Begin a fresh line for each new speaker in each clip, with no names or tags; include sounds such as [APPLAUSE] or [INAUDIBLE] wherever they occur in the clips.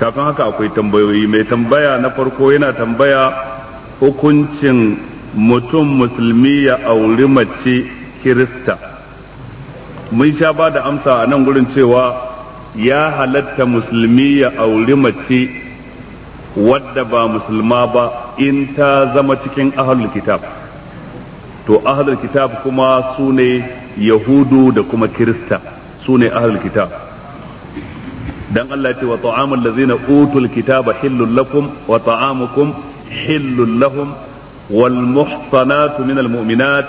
kafin haka akwai tambayoyi mai tambaya na farko yana tambaya hukuncin mutum musulmi ya auri mace kirista mun sha ba da amsa a nan gurin cewa ya halatta musulmi ya auri mace wadda ba musulma ba in ta zama cikin ahalul kitab to ahalul kitab kuma su ne yahudu da kuma kirista su ne ahlul kitab dan Allah ce wa ta'amul ladzina utul kitaba hillul lakum wa ta'amukum hillul lahum wal muhsanatu minal mu'minat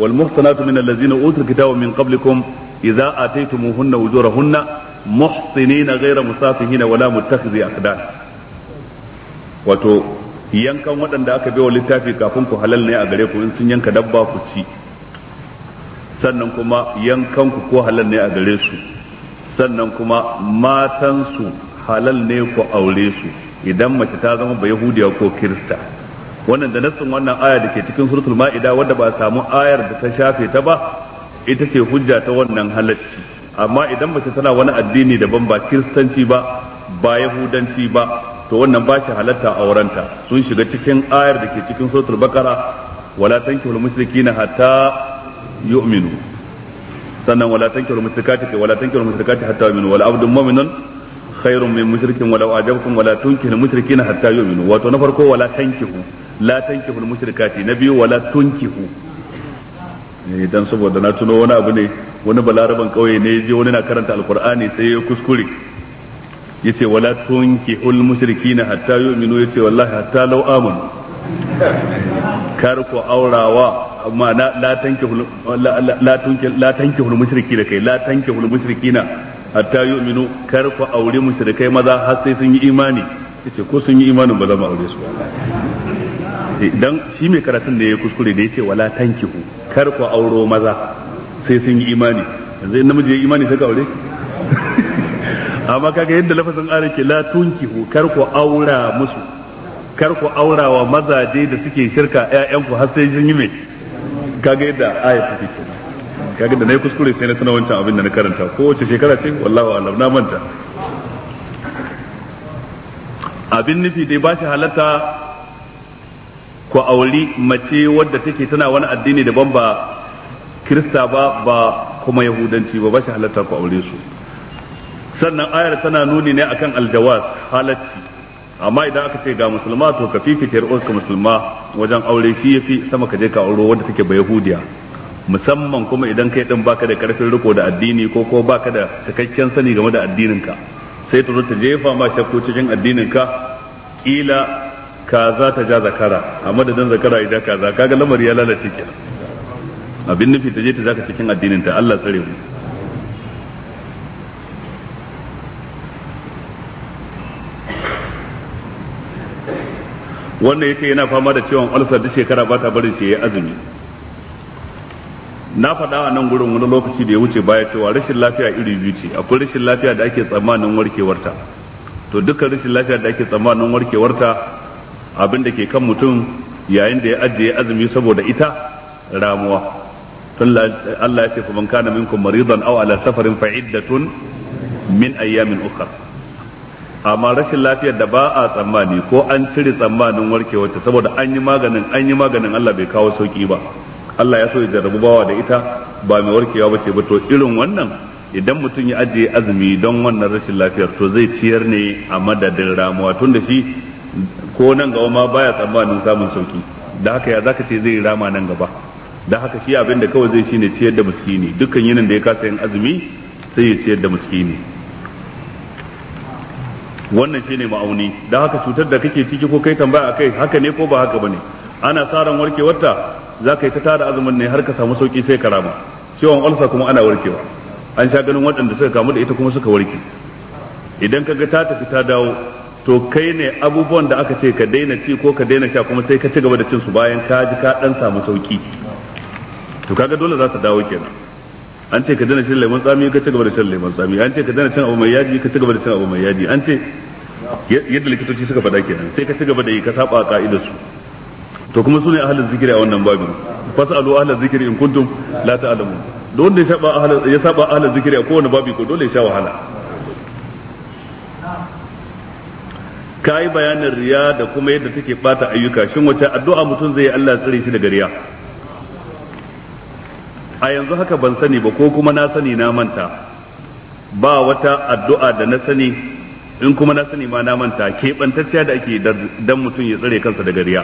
wal muhsanatu minal ladzina utul kitaba min qablikum idza ataytumuhunna ujurahunna muhsinina ghayra musafihina wala muttakhizi aqdan wato yankan waɗanda aka wa littafi kafin ku halal ne a gare ku in sun yanka dabba ku ci sannan kuma yankan ku ko halal ne a gare su sannan kuma matansu halal ne ku aure su idan mace ta zama ba yahudiya ko kirista wannan da nassin wannan aya da ke cikin suratul ma'ida wadda ba samu ayar da ta shafe ta ba ita ce hujja ta wannan halacci amma idan mace tana wani addini daban ba kiristanci ba ba yahudanci ba to wannan ba shi halatta aurenta sun shiga cikin ayar da ke cikin suratul bakara wala tankihul na hatta yu'minu sannan wala tankiru mushrikati wala tankiru mushrikati hatta yu'minu wala abdun mu'minun khairun min mushrikin wala ajabakum wala tunkihu mushrikina hatta yu'minu wato na farko wala tankihu la tankihu mushrikati na biyu wala tunkihu idan eh, saboda na tuno wani abu ne wani balaraban kauye ne je wani na karanta alqur'ani sai ya kuskure yace wala tunkihul mushrikina hatta yu'minu yace wallahi hatta law amanu kar ku aurawa ma'ana la tanke la tankihul mushriki da kai la tankihul mushrikina hatta yu'minu kar ku aure mushrikai maza har sai sun yi imani yace ko sun yi imanin ba za mu aure su eh, dan shi mai karatun da ya kuskure da yace wala tankihu kar ku auro maza sai sun yi imani yanzu namiji ya imani sai ka aure [LAUGHS] amma kaga yadda lafazin ara ke la tunkihu kar ku aura musu kar ku aura wa mazaje da suke shirka ƴaƴanku har sai sun yi mai kaga yadda ayat take kenan kaga da nayi kuskure sai na tana wancan abin da na karanta kowace shekara ce wallahi a'lam na manta abin nufi dai ba shi halatta ku auri mace wadda take tana wani addini daban ba kirista ba ba kuma yahudanci ba ba shi halatta ku aure su sannan ayar tana nuni ne akan aljawaz halacci amma idan aka ce ga musulma to ka fifita ka musulma wajen aure shi yafi sama ka je ka auro wanda take ba yahudiya musamman kuma idan kai din baka da karfin riko da addini ko ko baka da cikakken sani game da ka sai ta zo ta jefa ma shakku cikin addininka kila kaza ta ja zakara a madadin zakara idan kaza kaga lamari ya lalace kenan abin nufi ta je ta zaka cikin addininta Allah tsare mu wannan yace yana fama da ciwon ulcer duk shekara ba ta barin shi ya azumi na faɗa a nan gurin wani lokaci da ya wuce baya cewa rashin lafiya iri biyu ce akwai rashin lafiya da ake tsammanin warkewarta to dukkan rashin lafiya da ake tsammanin warkewarta abin da ke kan mutum yayin da ya ajiye azumi saboda ita ramuwa tun Allah ya ce fa man kana minkum maridan aw ala safarin fa iddatun min ayyamin ukhra amma rashin lafiyar da ba a tsammani ko an cire tsammanin warkewarta saboda an yi maganin an yi maganin Allah bai kawo sauki ba Allah ya so ya jarrabu bawa da ita ba mai warkewa bace ba to irin wannan idan mutum ya ajiye azumi don wannan rashin lafiyar to zai ciyar ne a madadin ramuwa tun da shi ko nan gaba ma baya tsammanin samun sauki da haka ya zaka ce zai rama nan gaba da haka shi abin da kawai zai shine ciyar da miskini dukkan yinin da ya kasa yin azumi sai ya ciyar da miskini wannan shine ma'auni da haka cutar da kake ciki ko kai tambaya akai haka ne ko ba haka bane ana sa ran ta za ka yi ta tara azumin ne har ka samu sauki sai karama ciwon ulsa kuma ana warkewa an sha ganin waɗanda suka kamu da ita kuma suka warke idan ka ga ta tafi ta dawo to kai ne abubuwan da aka ce ka daina ci ko ka daina sha kuma sai ka ci gaba da cin su bayan ka ji ka dan samu sauki to kaga dole za ta dawo kenan an ce ka dana cin lemon tsami ka ci gaba da shan lemon tsami an ce ka dana cin abu mai yaji ka ci gaba da cin abu mai yaji an ce yadda likitoci suka faɗa kenan sai ka ci gaba da yi ka saba ka'ida su to kuma sune ahlul zikri a wannan babin fasalu ahlul zikri in kuntum la ta'lamun da wanda ya saba ahlul ya saba ahlul zikri a kowane babi ko dole ya sha wahala kai bayanin riya da kuma yadda take bata ayyuka shin wace addu'a mutum zai yi Allah tsare shi daga riya a yanzu haka ban sani ba ko kuma na sani na manta ba wata addu'a da na sani in kuma na sani ma na manta keɓantacciya da ake dan mutum ya tsare kansa daga riya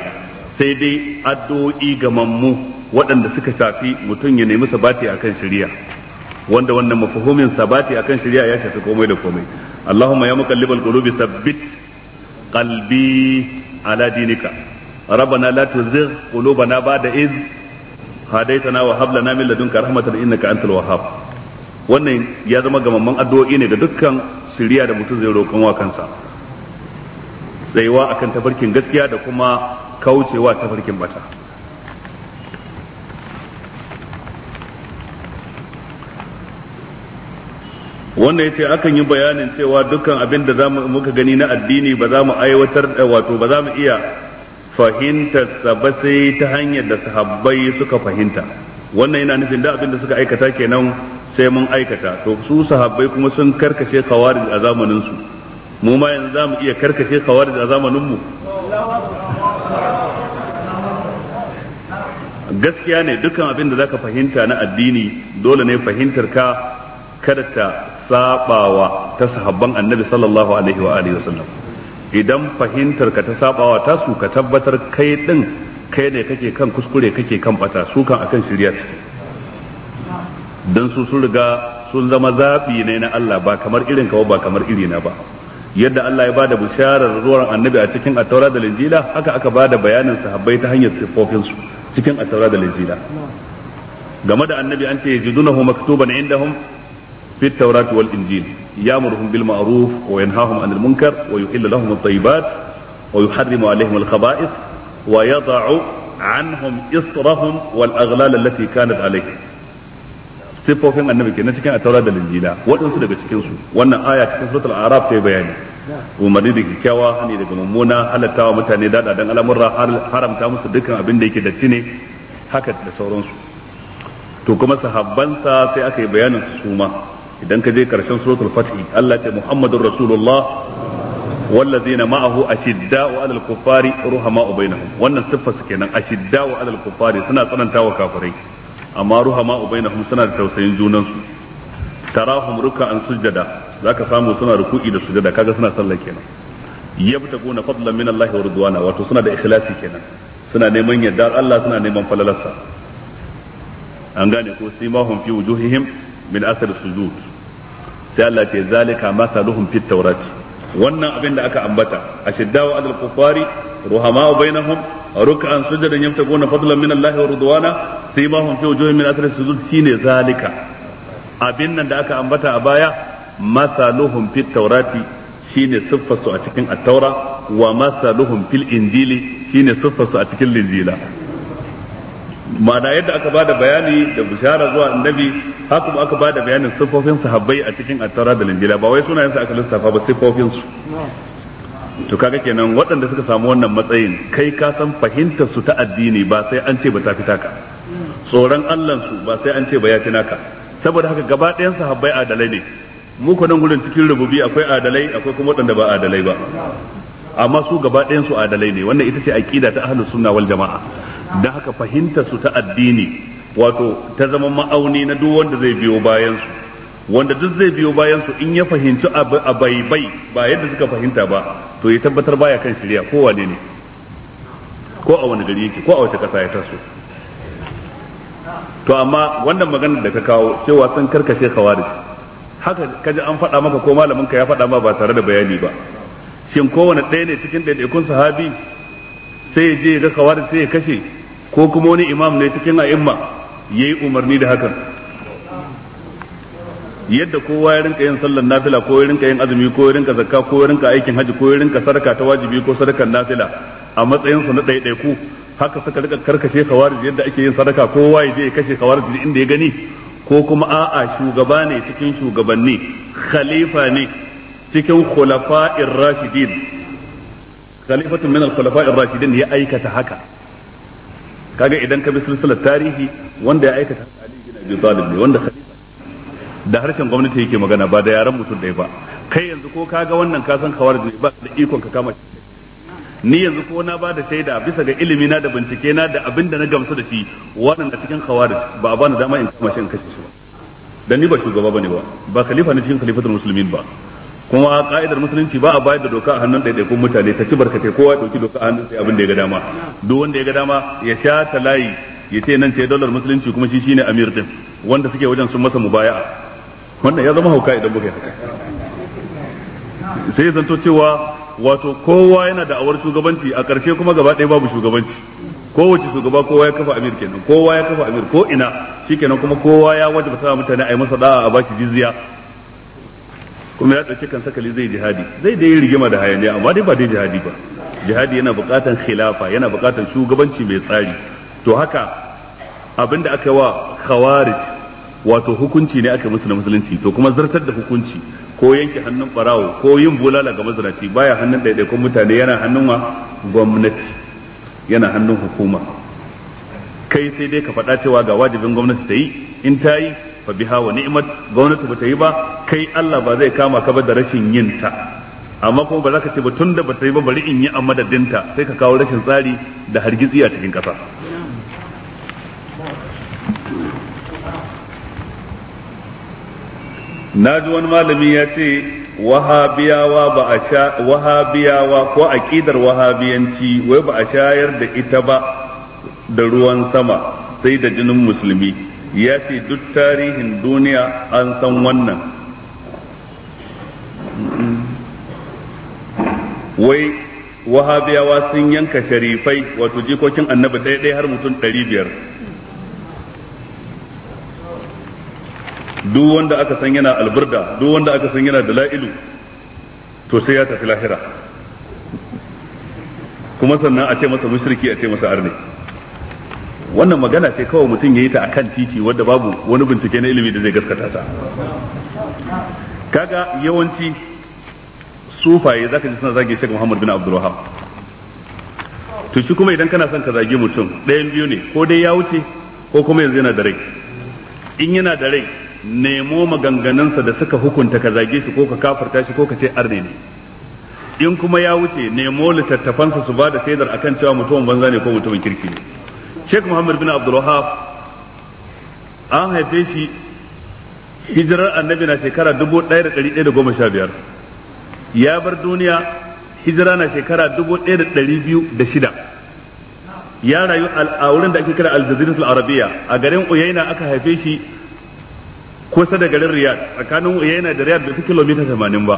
sai dai addu'o'i ga mammu waɗanda suka shafi mutum ya nemi sabati akan shari'a wanda wannan mafahumin sabati akan shari'a ya shafi komai da komai Allahumma ya muqallibal qulubi thabbit qalbi ala dinika ربنا لا تزغ قلوبنا بعد إذ هديتنا وهب لنا من لدنك رحمة ka أنت الوهاب wannan ya zama gamamman addu'o'i ne ga dukkan siriya da mutum zai roƙon wa kansa tsayuwa akan tafarkin gaskiya da kuma kaucewa tafarkin bata wannan ya ce akan yi bayanin cewa dukkan abin da muka gani na addini ba za mu aiwatar wato ba za mu iya fahimtar sa ba sai ta hanyar da sahabbai suka fahimta wannan yana nufin da abin da suka aikata kenan sai mun aikata to su sahabbai kuma sun karkashe khawarij a zamanin su mu ma yanzu zamu iya karkashe khawarij a zamanin mu gaskiya ne dukkan abin da zaka fahimta na addini dole ne fahimtar ka kada ta sabawa ta sahabban annabi sallallahu alaihi wa alihi wasallam idan fahimtar ka ta sabawa ta su ka tabbatar kai din kai ne kake kan kuskure kake kan bata su kan akan shirya dan su sun riga sun zama zaɓi ne na Allah ba kamar irin kawo ba kamar iri na ba yadda Allah ya bada bisharar zuwan annabi a cikin attaura da linjila haka aka bada bayanin sahabbai ta hanyar siffofinsu cikin attaura da linjila game da annabi an ce yajidunahu maktuban indahum fi tawrat wal injil ya'muruhum bil ma'ruf wa yanhahum 'anil munkar wa yuhillu lahum at-tayyibat wa yuharrimu 'alayhim al-khaba'ith wa yada'u 'anhum israhum wal aghlal allati kanat 'alayhim siffofin annabi kenan cikin at-taura da linjila waɗansu daga cikin su wannan aya cikin suratul araf ta bayani umarni da kyakkyawa hani daga mummuna halattawa mutane dada dan al'amurra haramta musu dukkan abin da yake datti ne haka da sauransu to kuma sahabbansa sai aka yi bayanin su suma idan ka je karshen suratul fath Allah ce muhammadur rasulullah والذين معه أشداء على الكفار رحماء بينهم wannan siffarsu kenan ashidda'u alal kufari suna tsananta wa kafirai amma ruha ma ruhama ubainahum suna da tausayin junansu tarahum ruk'an sujada zaka samu suna ruku'i da sujada kaga suna sallah kenan yabtaguna fadlan min Allah wa ridwana wato suna da ikhlasi kenan suna neman yardar Allah suna neman falalarsa an gane ko simahum fi wujuhihim min athar sujud sai Allah ce zalika masaluhum fit tawrat wannan abin da aka ambata a ashiddaw alal kufari ruhama bainahum ruk'an sujadan yamtaguna fadlan min Allah wa ridwana sai ma hum fi wujuhin min shi shine zalika abin nan da aka ambata a baya masaluhum fil taurati shine siffarsu a cikin attaura wa masaluhum fil injili shine siffarsu a cikin linjila ma'ana yadda aka ba da bayani da bishara zuwa annabi haka ba aka ba da bayanin siffofin sahabbai a cikin attaura da linjila ba wai sunayen su aka lissafa ba siffofin su to kaga kenan waɗanda suka samu wannan matsayin kai ka san fahimtar su ta addini ba sai an ce ba ta fita ka tsoron allansu ba sai an ce ba ya fi naka saboda haka gaba ɗayan sahabbai adalai ne mu ko nan gurin cikin rububi akwai adalai akwai kuma waɗanda ba adalai ba amma su gaba ɗayan su adalai ne wannan ita ce aqida ta ahlus sunna wal jamaa dan haka fahimta su ta addini wato ta zama ma'auni na duk wanda zai biyo bayan su wanda duk zai biyo bayan su in ya fahimci a bai-bai ba yadda suka fahimta ba to ya tabbatar baya kan shirya ko wane ne ko a wani gari yake ko a wace kasa ya taso to amma wannan maganar da ka kawo cewa sun karkashe khawarij haka kaji an faɗa maka ko malamin ka ya faɗa ma ba tare da bayani ba shin kowane ɗaya ne cikin ɗaiɗaikun sahabi sai ya je ga khawarij sai ya kashe ko kuma wani imam ne cikin a'imma yayi umarni da hakan yadda kowa ya rinka yin sallar nafila ko ya rinka yin azumi ko ya rinka zakka ko ya rinka aikin haji ko ya rinka sadaka ta wajibi ko sadakar nafila a matsayin su na ɗaiɗaiku haka suka rika karkashe khawarij yadda ake yin sadaka kowa ya je ya kashe khawarij inda ya gani ko kuma a'a shugaba ne cikin shugabanni khalifa ne cikin khulafa'ir rashidin khalifatun min al-khulafa'ir rashidin ya aikata haka kaga idan ka bi silsilar tarihi wanda ya aikata haka Ali bin Abi Talib ne wanda khalifa da harshen gwamnati yake magana ba da yaran mutum dai ba kai yanzu ko kaga wannan ka san khawarij ne ba da ikon ka kama shi ni yanzu ko na ba da shaida bisa ga ilimi na da bincike na da abin da na gamsu da shi wannan da cikin khawarij ba a bani dama in kama shi in kashe su. ba dan ni ba shugaba bane ba ba khalifa ne cikin khalifatul muslimin ba kuma ka'idar musulunci ba a bayar da doka a hannun kun mutane ta ci barkatai kowa ya ɗauki doka a hannun sai abin da ya ga dama duk wanda ya ga dama ya sha ta layi ya ce nan ce dalar musulunci kuma shi shine amir din wanda suke wajen sun masa mubaya'a wannan ya zama hauka idan muka yi haka sai ya zanto cewa wato kowa yana da awar shugabanci a ƙarshe kuma gaba ɗaya babu shugabanci kowace shugaba kowa ya kafa amir kenan kowa ya kafa amir ko ina shikenan kuma kowa ya wajaba sa mutane a yi masa da'a a bashi jizya kuma ya ɗauki kan sakali zai jihadi zai dai rigima da hayaniya amma dai ba dai jihadi ba jihadi yana buƙatar khilafa yana buƙatar shugabanci mai tsari to haka abin da aka yi wa khawarij wato hukunci ne aka musu na musulunci to kuma zartar da hukunci ko yanke hannun barawo ko yin bulala ga mazinaci baya hannun ɗaiɗaikun mutane yana hannun wa gwamnati yana hannun hukuma kai sai dai ka faɗa cewa ga wajibin gwamnati ta yi in ta yi fa biha wa ni'mat gwamnati ba ta yi ba kai Allah ba zai kama ka ba da rashin yin ta amma kuma ba za ka ce ba tun da ba ta yi ba bari in yi a madadinta sai ka kawo rashin tsari da hargitsi a cikin ƙasa. na ji wani malami ya ce wahabiyawa ba a sha wahabiyawa ko aqidar wahabiyanci wai ba a shayar da ita ba da ruwan sama sai da jinin musulmi ya ce duk tarihin duniya an san wannan wai wahabiyawa sun yanka sharifai wato jikokin annabi ɗaya har mutum ɗari biyar duk wanda aka san yana alburda duk wanda aka san yana dala'ilu to sai ya tafi lahira kuma sannan a ce masa mushriki a ce masa arne wannan magana ce kawai mutum ya yi ta akan titi wadda babu wani bincike na ilimi da zai gaskata ta kaga yawanci sufaye za ka ji suna zage Sheikh Muhammad bin Abdul to shi kuma idan kana son ka zage mutum ɗayan biyu ne ko dai ya wuce ko kuma yanzu yana da rai in yana da rai nemo maganganunsa da suka hukunta ka zage shi ko ka kafarta shi ko ka ce arne ne in kuma ya wuce nemo littattafansa su ba da shaidar akan cewa mutumin banza ne ko mutumin kirki ne Sheikh Muhammad bin Abdul an haife shi hijirar annabi na shekara 1115 ya bar duniya hijira na shekara 1206 ya rayu a wurin da ake kira al Arabiya a garin Uyaina aka haife shi kusa da garin riyadh tsakanin yana da riyadh bai fi kilomita 80 ba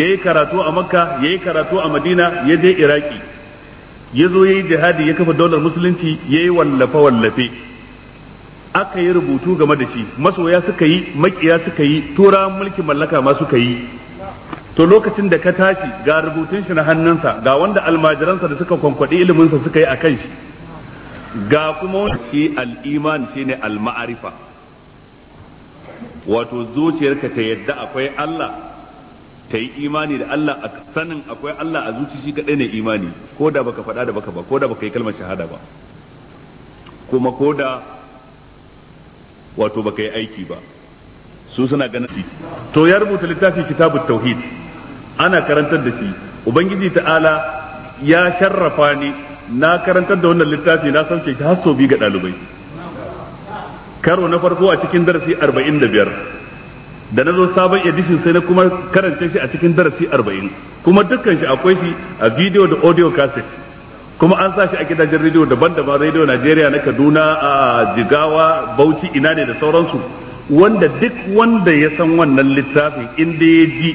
yayi karatu a makka yayi karatu a madina ya je iraki ya zo yayi jihadi ya kafa daular musulunci ya yi wallafe wallafe aka yi rubutu game da shi masoya suka yi makiya suka yi tura mulki mallaka ma suka yi to lokacin da ka tashi ga rubutun shi na hannunsa ga wanda almajiransa da suka kwankwaɗi iliminsa suka yi a kan shi ga kuma shi al'iman shi ne al-ma'arifa wato zuciyarka ta yadda akwai Allah ta yi imani da Allah a sanin akwai Allah a zuci shi kadai ne imani ko da baka faɗa da baka ba ko da baka yi kalmar shahada ba kuma ko da wato baka yi aiki ba su suna ganin to ya rubuta littafi kitabut tauhid ana karantar da shi ubangiji ta'ala ya sharrafa ni na karantar da wannan littafi na sauke shi har sau biyu ga ɗalibai karo na farko a cikin darasi arba'in da biyar da na zo sabon edition sai na kuma karance shi a cikin darasi arba'in kuma dukkan shi akwai shi a video da audio cassette kuma an sa shi a gidajen rediyo daban-daban rediyo Najeriya na Kaduna a Jigawa Bauchi ina ne da sauransu wanda duk wanda ya san wannan littafin inda ya ji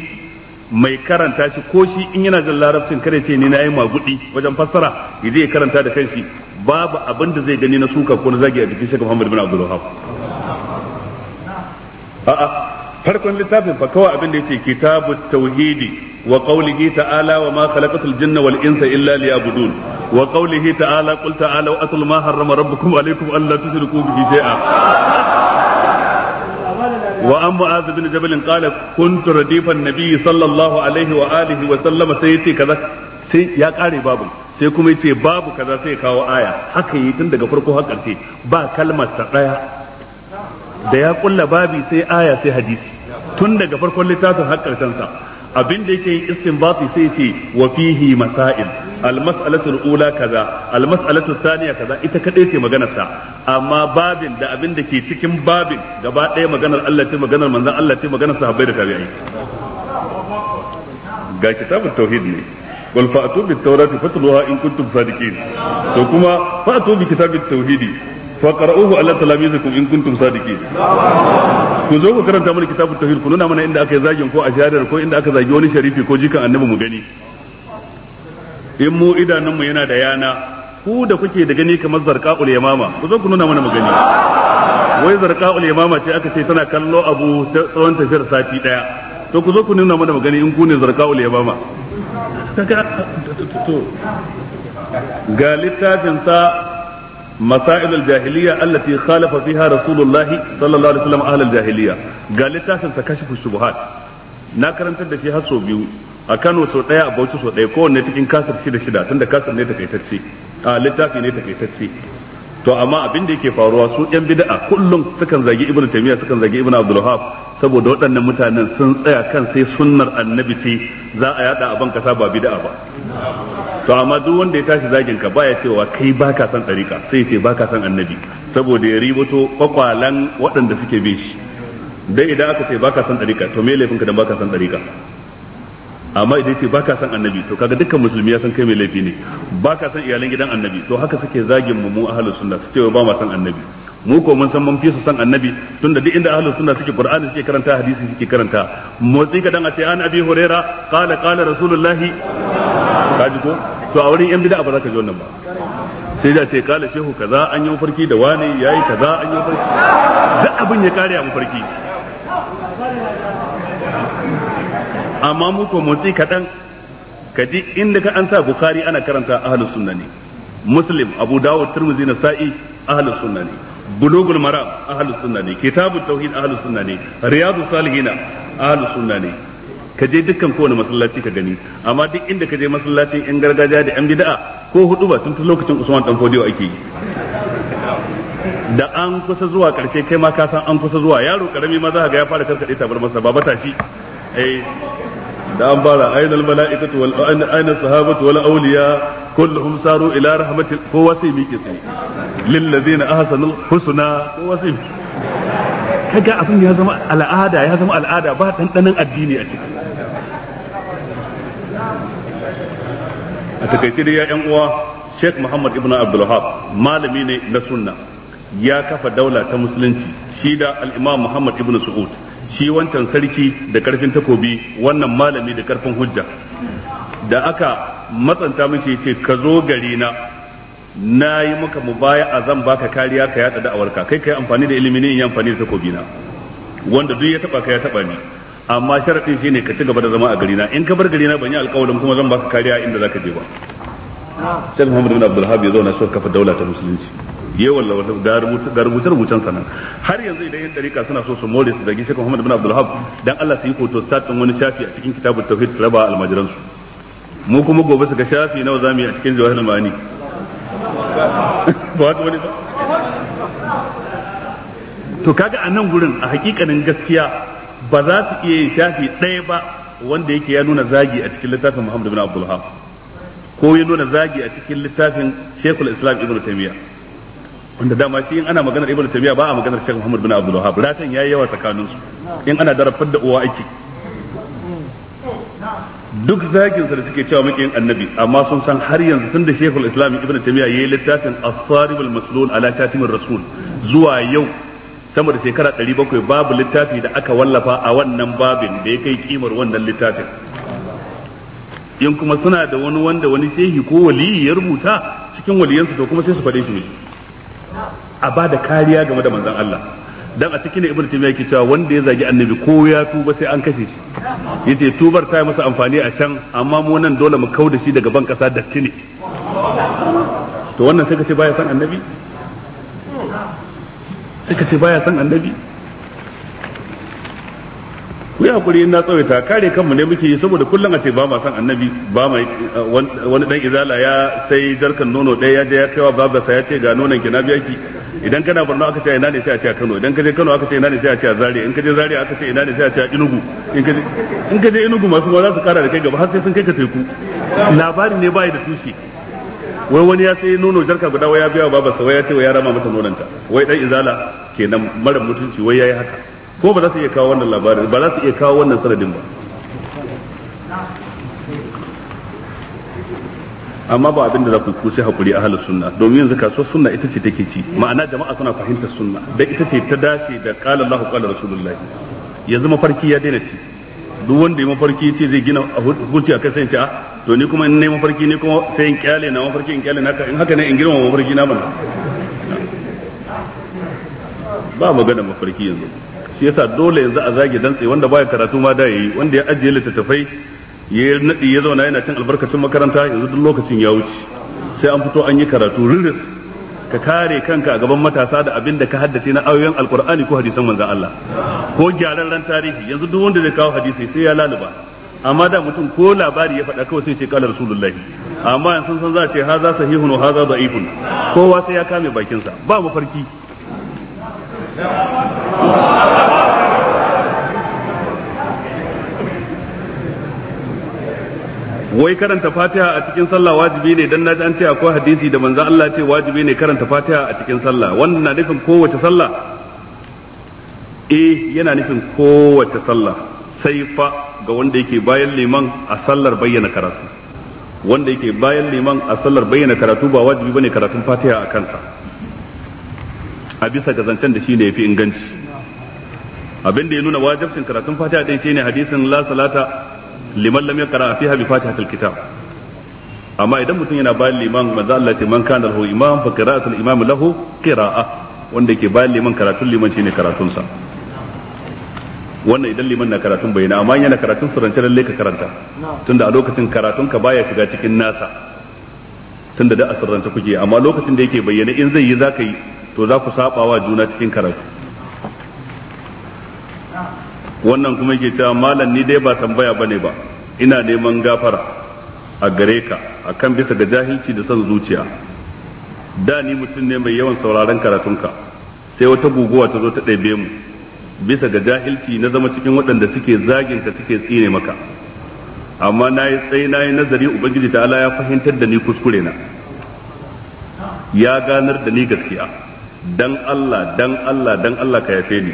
mai karanta shi ko shi in yana jan larabcin kare ce ni na yi maguɗi wajen fassara ya je ya karanta da kanshi babu abin da zai gani na suka ko na zagi a jikin Sheikh Muhammad bin Abdul Wahhab a'a farkon littafin fa kawai abin da yake kitabut tauhidi wa qawlihi ta'ala wa ma khalaqatul jinna wal insa illa liya'budun wa qawlihi ta'ala qul ta'alu atlu ma harrama rabbukum alaykum alla tushriku bihi shay'a وعن معاذ بن جبل قال كنت رديف النبي صلى الله عليه وآله وسلم سيتي كذا sai ya قاري babu. sai kuma ce babu kaza sai kawo aya haka yi tun daga farko har karshe ba kalmar ta daya da ya kulla babi sai aya sai hadisi tun daga farkon littafin har karshen sa abin da yake istinbati sai ce wa fihi masail almas'alatu al-ula kaza almas'alatu thaniya kaza ita kadai ce maganar sa amma babin da abin da ke cikin babin gaba ɗaya maganar Allah ce maganar manzon Allah ce maganar sahabbai da tabi'ai ga kitabut tauhid ne wal fa'tu bit tawrati fatluha in kuntum sadiqin to kuma fa'tu bi kitabit tauhidi faqra'uhu ala talamizikum in kuntum sadiqin ku zo ku karanta mana kitabut tauhid ku nuna mana inda aka zagin ko a shahadar ko inda aka zagi wani sharifi ko jikan annabi mu gani in mu yana da yana ku da kuke da gani kamar zarqa'ul yamama ku zo ku nuna mana mu gani wai zarqa'ul yamama ce aka ce tana kallo abu tsawon tafiyar sati daya to ku zo ku nuna mana mu gani in ku ne zarqa'ul yamama ga littafinsa مسائل الجاهلية التي خالف فيها رسول الله صلى الله عليه وسلم أهل الجاهلية قال لتاكن كشف الشبهات na karantar da shi har sau biyu a Kano sau ɗaya a Bauchi sau ɗaya kowanne cikin kasar shida shida tun da kasar ne takaitacce a littafi ne takaitacce to amma abin da yake faruwa su yan bid'a kullum sukan zagi ibnu taymiya sukan zagi Ibn Abdul saboda waɗannan mutanen sun tsaya kan sai sunnar annabi ce za a yada a bankasa ba bid'a ba to amma duk wanda ya tashi zagin ka baya cewa kai baka san tsarika sai ya ce baka san annabi saboda ya ribato kwakwalan waɗanda suke bin shi dai idan aka ce baka san tsarika to me laifin ka dan baka san tsarika amma idan ce baka san annabi to kaga dukkan musulmi ya san kai mai laifi ne baka san iyalan gidan annabi to haka suke zagin mu mu ahlus sunna su ce ba ma san annabi mu ko mun san mun fi su san annabi tunda duk inda ahlus sunna suke qur'ani suke karanta hadisi suke karanta motsi ka dan a ce an abi huraira qala qala rasulullah kaji ko to a wurin yan bid'a ba za ka ji wannan ba sai da ce kala shehu kaza an yi mafarki da wani yayi kaza an yi mafarki duk abin ya kare a mafarki amma mu ko motsi kaɗan ka ji inda ka an sa bukhari ana karanta ahlus sunna ne muslim abu dawud tirmidhi nasa'i ahlus sunna ne bulugul maram ahlus sunna ne kitabut tauhid ahlus sunna ne riyadus salihin ahlus sunna ne ka je dukkan kowane masallaci ka gani amma duk inda ka je masallacin yan gargajiya da yan bid'a ko hudu ba tun lokacin Usman dan Fodiyo ake yi da an kusa zuwa karshe kai ma ka san an kusa zuwa yaro karami ma za ka ga ya fara karkade tabar masa baba tashi eh da an fara ainal mala'ikatu wal ainal sahabatu wal awliya kulluhum saru ila rahmatil kowa sai miƙe sai lillazina ahsanul husna ko wasu abin ya zama al'ada ya zama al'ada ba dandanan addini a a takaice dai ya yan uwa Sheikh Muhammad ibn Abdul malami ne na sunna ya kafa daula ta musulunci shi da al-Imam Muhammad ibn Su'ud shi wancan sarki da karfin takobi wannan malami da karfin hujja da aka matsanta mishi ce ka zo gari na na yi maka mu baya a zan baka kariya ka yada ka kai kai amfani da ilimi ne in yi amfani da takobi na wanda duk ya taba ka ya taba ni amma sharadin shine ka ci gaba da zama a gari na in ka bar gari na ban yi alƙawarin kuma zan baka kariya inda zaka je ba sai Muhammad bin Abdul Habib zauna so kafa daula ta musulunci ye walla wata ga rubuce rubucen sana har yanzu idan yan dariƙa suna so su more su zagi Sheikh Muhammad bin Abdul Habib dan Allah su yi hoto start din wani shafi a cikin kitabut tauhid su raba almajiran su mu kuma gobe su ga shafi nawa zamu yi a cikin jawahirul ma'ani ba haka wani ba to kaga a nan gurin a hakikanin gaskiya ba za su iya yin shafi ɗaya ba wanda yake ya nuna zagi a cikin littafin Muhammad bin Abdul ko ya nuna zagi a cikin littafin Sheikhul Islam Ibn Taymiyyah wanda dama shi in ana maganar Ibn Taymiyyah ba a maganar Sheikh Muhammad bin Abdul Wahhab ratan yayi yawa tsakaninsu in ana darafar da uwa ake duk zagin da suke cewa yin annabi amma sun san har yanzu tun da shekul islam ibn tamiya yayi littafin as al-maslul ala katimin rasul zuwa yau sama da shekara 700 babu littafi da aka wallafa a wannan babin da ya kai kimar wannan littafin in kuma suna da wani wanda wani shehi ko waliyi ya rubuta cikin waliyansu to kuma sai su faɗe shi a ba da kariya game da manzon Allah dan a cikin ibnu timiya yake cewa wanda ya zagi annabi ko ya tuba sai an kashe shi yace tubar ta yi masa amfani a can amma mu nan dole mu kauda shi daga ban kasa datti ne to wannan sai ka ce baya san annabi sai ka ce baya san annabi ku ya kuri in na tsawaita kare kanmu ne muke yi saboda kullum a ce ba ma san annabi ba ma wani dan izala ya sai jarkan nono ɗaya ya je ya kaiwa babarsa ya ce ga nonon ki na biya ki idan kana Borno aka ce ina ne sai a ce a Kano idan ka je Kano aka ce ina ne sai a ce a Zaria in ka je Zaria aka ce ina ne sai a ce a inugu in ka je inugu masu ma za su kara da kai gaba har sai sun kai ka teku labarin ne bai da tushe wai wani ya sai nono jarka guda wai ya biya baba sa wai ya ce wai ya rama mata nonanta wai dan izala kenan mara mutunci wai yayi haka ko ba za su iya kawo wannan labarin ba za su iya kawo wannan sanadin ba amma ba abin da za ku ku sai hakuri halin sunna domin yanzu kaso sunna ita ce take ci ma'ana jama'a suna fahimtar sunna da ita ce ta dace da qala Allahu qala rasulullahi yanzu mafarki ya daina ci duk wanda ya mafarki ce zai gina hukunci a kai ce a ah, to ni kuma in nayi mafarki ne kuma sai in kyale na mafarki in kyale na in haka ne in girma mafarki na bana ba magana mafarki yanzu shi yasa dole yanzu a zage dantse wanda baya karatu ma da yayi wanda ya ajiye littattafai ya naɗi ya zauna yana cin albarkacin makaranta yanzu duk lokacin ya wuce sai an fito an yi karatu riris ka kare kanka a gaban matasa da abin da ka haddace na ayoyin alkur'ani ko hadisan manzon Allah ko gyaran ran tarihi yanzu duk wanda zai kawo hadisi sai ya laluba amma da mutum ko labari ya faɗa kawai sai ce kala rasulullahi amma yanzu san za a ce haza sahihun wa haza da'ifun kowa sai ya kame bakinsa ba mafarki wai karanta fatiha a cikin sallah wajibi ne dan naji an ce akwai hadisi da manzo Allah ce wajibi ne karanta fatiha a cikin sallah wannan na nufin kowace sallah eh yana nufin kowace sallah sai fa ga wanda yake bayan liman a sallar bayyana karatu wanda yake bayan liman a sallar bayyana karatu ba wajibi bane karatun fatiha a kansa a bisa ga zancen da shine yafi inganci abin da ya nuna wajibcin karatun fatiha din shine hadisin la salata liman lam yaqra fiha bi fatihatil kitab amma idan mutum yana bayan liman manzo Allah ce man kana lahu imam fa al imam lahu qira'a wanda ke bayan liman karatun liman shine karatun sa wannan idan liman na karatun bayyana amma yana karatun surance lalle ka karanta tunda a lokacin karatun ka baya shiga cikin nasa tunda da a surrance kuke amma lokacin da yake bayyana in zai yi zaka yi to za ku saba wa juna cikin karatu wannan kuma yake cewa malam ni dai ba tambaya bane ba ina neman gafara a gare ka akan bisa ga jahilci da son zuciya da ni mutum ne mai yawan sauraron karatunka sai wata guguwa ta zo ta ɗebe mu bisa ga jahilci na zama cikin waɗanda suke zagin ka suke tsine maka amma na yi tsaye na yi nazari ubangiji ta ala ya fahimtar da ni kuskure na ya ganar da ni gaskiya dan Allah dan Allah dan Allah ka yafe ni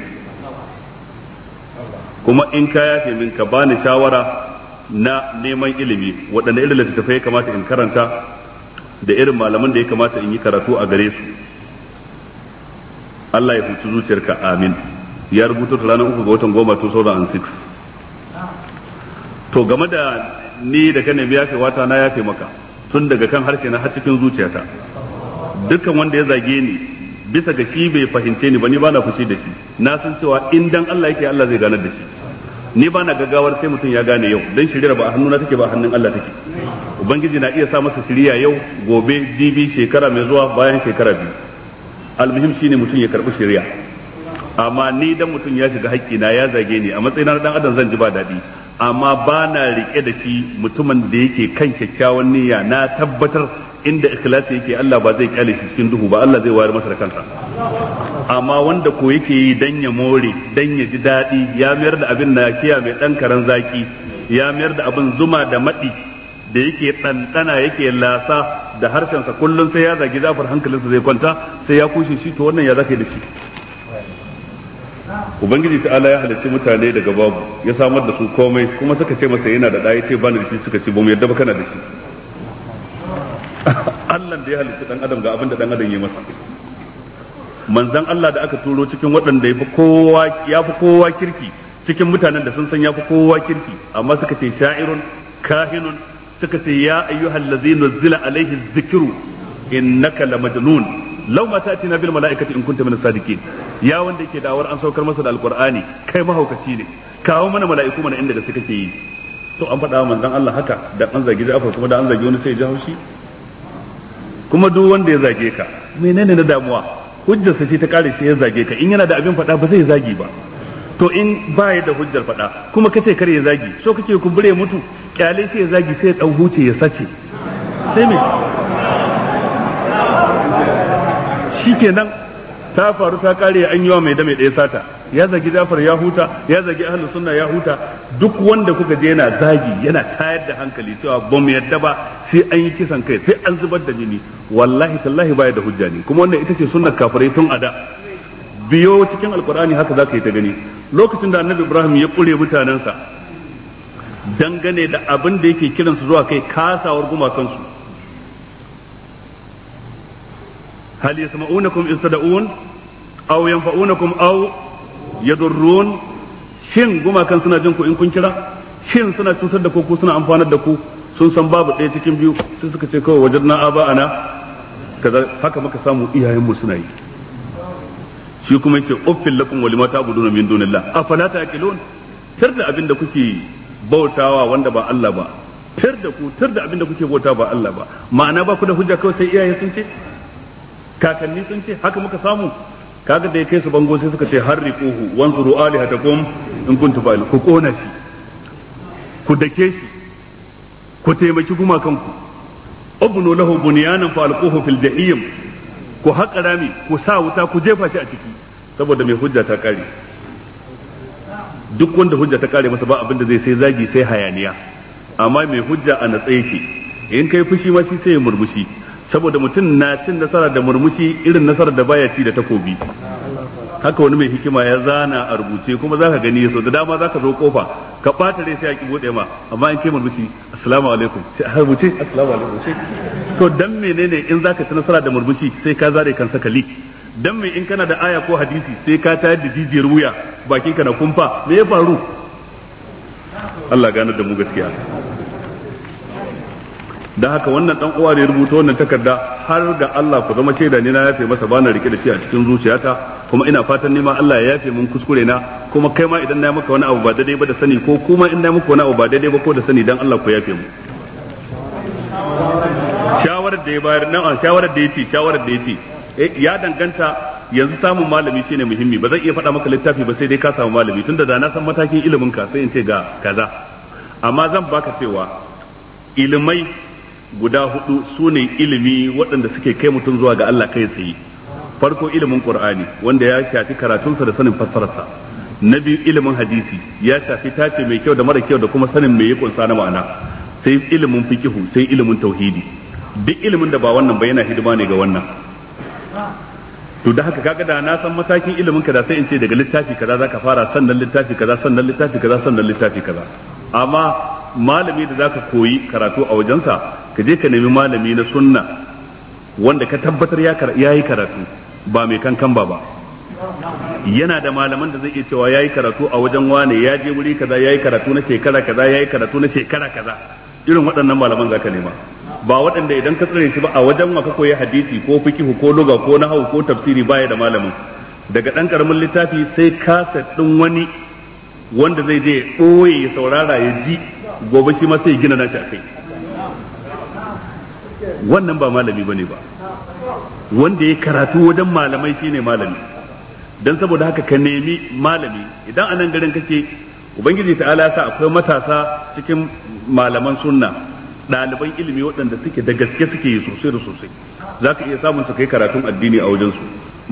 kuma in ka yafe min ka bani shawara na neman ilimi waɗanne irin littattafai ya kamata in karanta da irin malaman da ya kamata in yi karatu a gare su Allah ya huci zuciyarka amin ya rubuta ta ranar uku ga watan goma six to game da ni da ka nemi yafe wata na yafe maka tun daga kan harshe na har cikin zuciyata dukkan wanda ya zage ni bisa ga shi bai fahimce ni ba ni ba na fushi da shi na san cewa in dan Allah yake Allah zai ganar da shi ni ba na gaggawar sai mutum ya gane yau don shirya ba a hannuna take ba a hannun Allah take ubangiji na iya sa masa shirya yau gobe jibi shekara mai zuwa bayan shekara biyu almuhim shine mutum ya karbi shirya amma ni dan mutum ya shiga hakki na ya zage ni a matsayin dan adam zan ji ba daɗi amma ba na rike da shi mutumin da yake kan kyakkyawan niyya na tabbatar inda ikhlasi yake Allah ba zai kyale shi cikin duhu ba Allah zai wayar masa da kansa amma wanda ko yake yi dan ya more dan ya ji daɗi ya mayar da abin na kiya mai ɗan karan zaki ya mayar da abin zuma da maɗi da yake ɗanɗana yake lasa da harshensa kullum sai ya zagi zafar hankalinsa zai kwanta sai ya kushe shi to wannan ya zaka da shi ubangiji ta Allah ya halicci mutane daga babu ya samar da su komai kuma suka ce masa yana da ɗaya ce bani da shi suka ce ba mu yadda ba kana da shi Allah da ya halitta dan adam ga abin da dan adam ya masa manzan Allah da aka turo cikin waɗanda ya fi kowa kirki cikin mutanen da sun san ya fi kowa kirki amma suka ce sha'irun kahinun suka ce ya ayyuhal ladzi nuzila alaihi dhikru innaka lamajnun law ma ta'tina bil mala'ikati in kunta min sadiqin ya wanda yake dawar an saukar masa da alqur'ani kai mahaukaci ne kawo mana mala'iku mana inda da suka ce yi to an faɗa manzan Allah haka da an zagi da kuma da an zagi wani sai ya ji haushi kuma duk wanda ya zage ka menene na damuwa hujjar sa ce ta kare shi ya zage ka in yana da abin faɗa ba zai zagi ba to in ba ya da hujjar faɗa kuma kace kar ya zagi so kake kumbure mutu kyale sai ya zagi sai ya dan huce ya sace sai me shikenan ta faru ta kare an yi wa mai da mai ɗaya sata ya zagi Jafar ya huta ya zagi ahlus sunna ya huta duk wanda kuka je yana zagi yana tayar da hankali cewa ba mu yadda ba sai an yi kisan kai sai an zubar da jini wallahi tallahi baya da hujja ne kuma wannan ita ce sunnar kafirai tun ada biyo cikin alkur'ani haka zaka yi ta gani lokacin da annabi ibrahim ya kure mutanensa dangane da abin da yake kiransu zuwa kai kasawar gumakansu hal yasma'unakum in sada'un aw yanfa'unakum aw yadurrun shin gumakan suna jin ku in kun kira shin suna cutar da ku ko suna amfanar da ku sun san babu ɗaya cikin biyu sun suka ce kawai wajen na aba ana kaza haka muka samu iyayenmu suna yi shi kuma yake uffin lakum walima ta'buduna min dunillah afala ta'qilun tar da abin da kuke bautawa wanda ba Allah ba tar da ku tar da abin da kuke bauta ba Allah ba ma'ana ba ku da hujja kawai sai iyaye sun ce kakanni sun ce haka muka samu kaga da ya kai su bango sai suka ce harriquhu wanzuru alihatakum in kuntu ba ku kona shi ku dake shi ku taimaki gumakanku ubnu lahu bunyanan fa alquhu fil jahim ku haƙa rami ku sa wuta ku jefa shi a ciki saboda mai hujja ta kare duk wanda hujja ta kare masa ba abin da zai sai zagi sai hayaniya amma mai hujja a natsaye yake in kai fushi ma shi sai ya murmushi saboda mutum na cin nasara da murmushi irin nasarar da baya ci da takobi haka wani mai hikima ya zana a rubuce kuma zaka gani so da dama zaka zo kofa ka bata rai sai a ki bude ma amma in ke murmushi assalamu alaikum sai a rubuce assalamu alaikum sai to dan menene in zaka ci nasara da murmushi sai ka zare kan sakali li dan me in kana da aya ko hadisi sai ka tayar da jijiyar wuya bakin ka na kumfa me ya faru Allah ganar da mu gaskiya dan haka wannan dan uwa da ya rubuta wannan takarda har ga Allah ku zama shaida ne na yafe masa bana rike da shi a cikin zuciyata kuma ina fatan nema Allah ya yafe mun kuskure na kuma kai ma idan na maka wani abu ba daidai ba da sani ko kuma in na maka wani abu ba daidai ba ko da sani dan Allah ku yafe mu shawarar da ya bayar nan shawarar da ya ce da ya eh, ya danganta yanzu samun malami shine muhimmi ba zan iya faɗa maka littafi ba sai dai ka samu malami tunda da na san matakin ilimin ka sai in ce ga kaza amma zan baka cewa ilimai guda hudu sune ilimi waɗanda suke kai mutum zuwa ga Allah kai tsaye farko ilimin qur'ani wanda ya shafi karatunsa da sanin fassararsa na biyu ilimin hadisi ya shafi tace mai kyau da mara kyau da kuma sanin mai kunsa na ma'ana sai ilimin fikihu sai ilimin tauhidi duk ilimin da ba wannan ba yana hidima ne ga wannan to da haka kaga da na san matakin ilimin ka da sai in ce daga littafi kaza zaka fara sannan littafi kaza sannan littafi kaza sannan littafi kaza amma malami da zaka koyi karatu a wajensa ka je ka nemi malami na sunna wanda ka tabbatar ya yi karatu ba mai kankan ba ba yana da malaman da zai iya cewa yayi karatu a wajen wane ya je wuri kaza yayi karatu na shekara kaza yayi karatu na shekara kaza irin waɗannan malaman zaka nema ba waɗanda idan ka tsare shi ba a wajen wa ka koyi hadisi ko fikihu ko luga ko nahawu ko tafsiri baya da malamin daga ɗan karamin littafi sai kasa ɗin wani wanda zai je boye ya saurara ya ji gobe shi ma sai gina nashi a kai wannan ba malami bane ba wanda ya karatu wajen malamai shine malami dan saboda haka ka nemi malami idan a nan garin kake ubangiji ta'ala sa akwai matasa cikin malaman sunna ɗaliban ilimi waɗanda suke da gaske suke yi sosai da sosai za ka iya samun su kai karatun addini a wajensu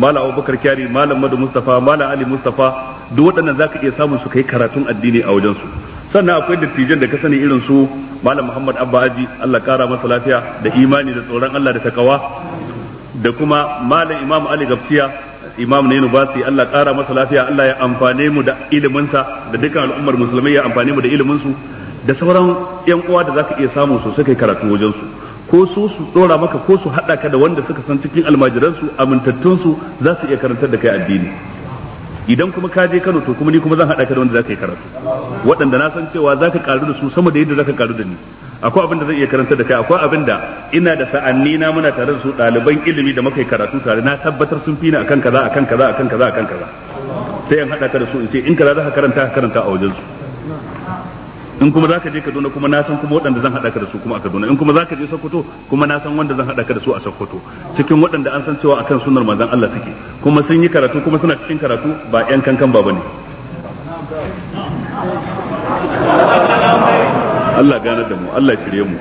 malam abubakar kyari malam madu mustafa malam ali mustafa duk waɗannan za ka iya samun su kai karatun addini a wajensu sannan akwai dattijan da ka sani irin su malam muhammad abba aji allah kara masa lafiya da imani da tsoron allah da takawa da kuma malam imam ali gafsiya imam ne nubasi Allah ƙara masa lafiya Allah ya amfane mu da iliminsa da dukkan al'ummar musulmai ya amfane mu da iliminsu da sauran yan uwa da zaka iya samu su suka karatu wajen su ko su su dora maka ko su hada ka da wanda suka san cikin almajiransu amintattunsu za su iya karantar da kai addini idan kuma ka je Kano to kuma ni kuma zan hada ka da wanda zaka yi karatu waɗanda na san cewa zaka karu da su sama da yadda za ka karu da ni akwai abin da zai iya karanta da kai akwai abin da ina da sa'anni na muna tare da su ɗaliban ilimi da muka karatu tare na tabbatar sun fi ni akan kaza akan kaza akan kaza akan kaza sai in haɗa ka da su in ce in kaza za ka karanta ka karanta a wajen su in kuma za ka je Kaduna kuma na san kuma waɗanda zan haɗa ka da su kuma a Kaduna in kuma za ka je Sokoto kuma na san wanda zan haɗa ka da su a Sokoto cikin waɗanda an san cewa akan sunnar manzon Allah suke kuma sun yi karatu kuma suna cikin karatu ba ƴan kankan ba bane Allah ganar da mu Allah kire mu